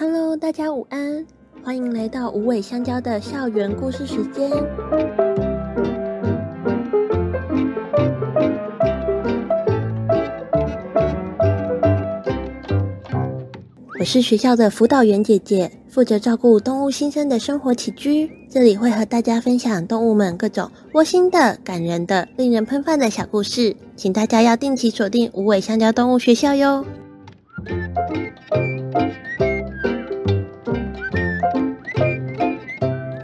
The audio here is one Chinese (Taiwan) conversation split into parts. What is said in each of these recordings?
Hello，大家午安，歡迎來到無尾香蕉的校園故事時間。我是學校的輔導員姐姐，負責照顧動物新生的生活起居。這裡會和大家分享動物們各種窩心的、感人的、令人噴飯的小故事，請大家要定期鎖定無尾香蕉動物學校喲。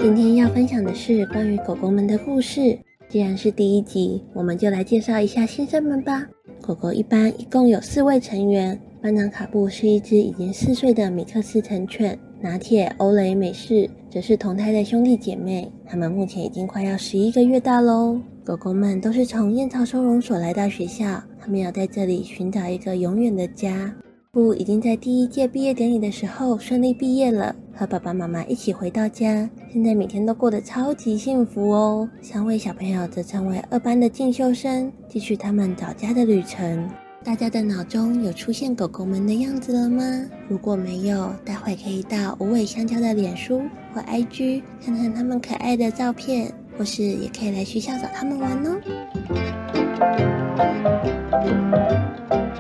今天要分享的是關於狗狗們的故事。既然是第一集，我們就來介紹一下新生們吧。狗狗一班一共有四位成員，班長卡布是一隻已經四歲的米克斯成犬，拿鐵、歐蕾、美式則是同胎的兄弟姐妹，他們目前已經快要十一個月大嘍。狗狗們都是從燕巢收容所來到學校，他們要在這裡尋找一個永遠的家。不，已經在第一屆畢業典禮的時候順利畢業了，和爸爸媽媽一起回到家，現在每天都過得超級幸福哦。三位小朋友則成為二班的進修生，繼續他們找家的旅程。大家的腦中有出現狗狗們的樣子了嗎？如果沒有，待會可以到無尾香蕉的臉書或 IG 看看他們可愛的照片，或是也可以來學校找他們玩哦。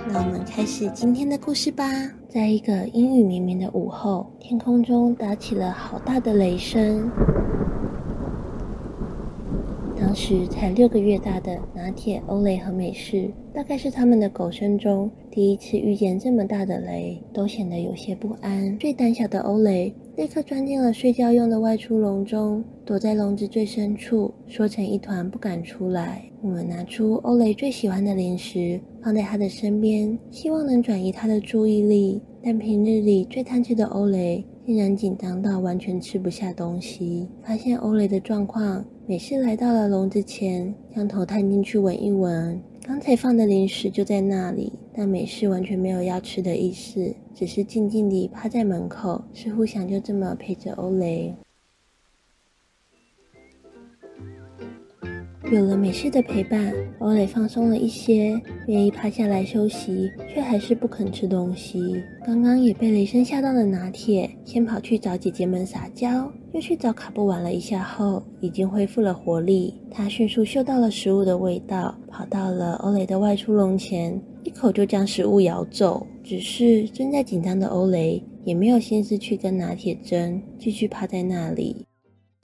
那我們開始今天的故事吧。在一個陰雨綿綿的午後，天空中打起了好大的雷聲。當時才六個月大的拿鐵、歐蕾和美式，大概是他們的狗生中第一次遇見這麼大的雷，都顯得有些不安。最膽小的歐蕾。立刻鑽進了睡覺用的外出籠中，躲在籠子最深處，縮成一團，不敢出來。我們拿出歐蕾最喜歡的零食，放在他的身邊，希望能轉移他的注意力。但平日裡最貪吃的歐蕾，竟然緊張到完全吃不下東西。發現歐蕾的狀況，美式來到了籠子前，將頭探進去聞一聞，剛才放的零食就在那裡。但美式完全沒有要吃的意思，只是靜靜地趴在門口，似乎想就這麼陪着歐蕾。有了美式的陪伴，歐蕾放鬆了一些，願意趴下來休息，卻還是不肯吃東西。剛剛也被雷聲嚇到的拿鐵，先跑去找姐姐們撒嬌，又去找卡布玩了一下後，已經恢復了活力。他迅速嗅到了食物的味道，跑到了歐蕾的外出籠前。一口就將食物咬走，只是正在緊張的歐蕾也沒有心思去跟拿鐵爭，繼續趴在那裡。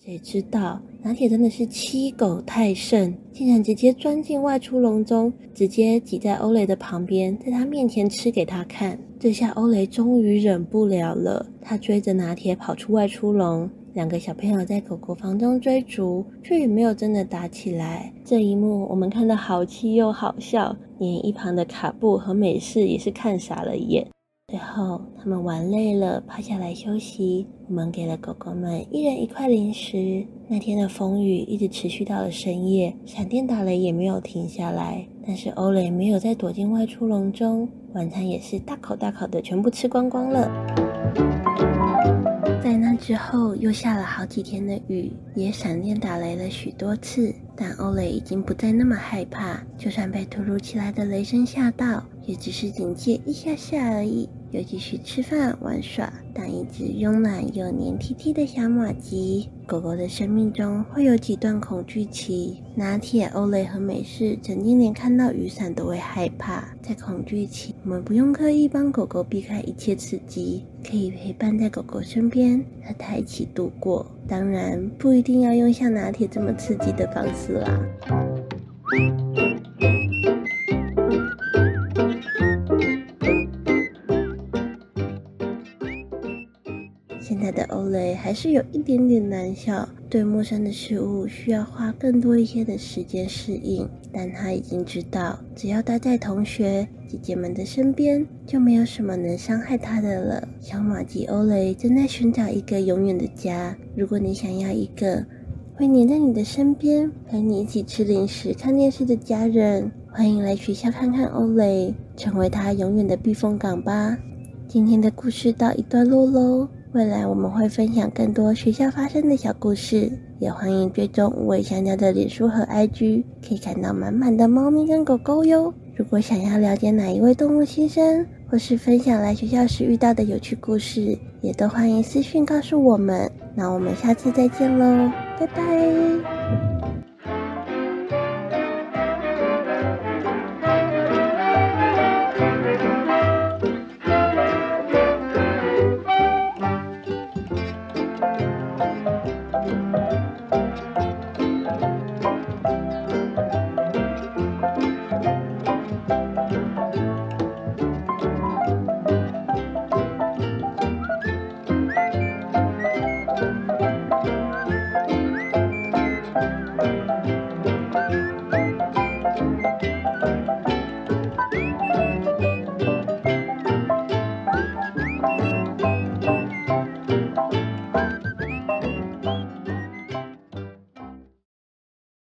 誰知道拿鐵真的是欺狗太甚，竟然直接鑽進外出籠中，直接擠在歐蕾的旁邊，在他面前吃給他看。這下歐蕾終於忍不了了，他追着拿鐵跑出外出籠。兩個小朋友在狗狗房中追逐，卻也沒有真的打起來。這一幕我們看得好氣又好笑，連一旁的卡布和美式也是看傻了眼。最後，他們玩累了，趴下來休息。我們給了狗狗們一人一塊零食。那天的風雨一直持續到了深夜，閃電打雷也沒有停下來。但是歐蕾沒有再躲進外出籠中，晚餐也是大口大口的全部吃光光了。之後又下了好幾天的雨，也閃電打雷了許多次，但歐蕾已經不再那麼害怕，就算被突如其來的雷聲嚇到，也只是警戒一下下而已。又繼續吃飯玩耍，當一隻慵懶又黏踢踢的小麻吉。狗狗的生命中會有幾段恐懼期，拿鐵、歐蕾和美式曾經連看到雨傘都會害怕。在恐懼期，我們不用刻意幫狗狗避開一切刺激，可以陪伴在狗狗身邊和它一起度過。當然，不一定要用像拿鐵這麼刺激的方式啦。現在的歐蕾還是有一點點膽小，對陌生的事物需要花更多一些的時間適應。但他已經知道，只要待在同學姐姐們的身邊，就沒有什麼能傷害他的了。小麻吉歐蕾正在尋找一個永遠的家。如果你想要一個會黏在你的身邊，陪你一起吃零食、看電視的家人，歡迎來學校看看歐蕾，成為他永遠的避風港吧。今天的故事到一段落嘍。未來我們會分享更多學校發生的小故事，也歡迎追蹤無尾香蕉的臉書和 IG，可以看到滿滿的貓咪跟狗狗喲。如果想要了解哪一位動物新生，或是分享來學校時遇到的有趣故事，也都歡迎私訊告訴我們。那我們下次再見嘍，拜拜。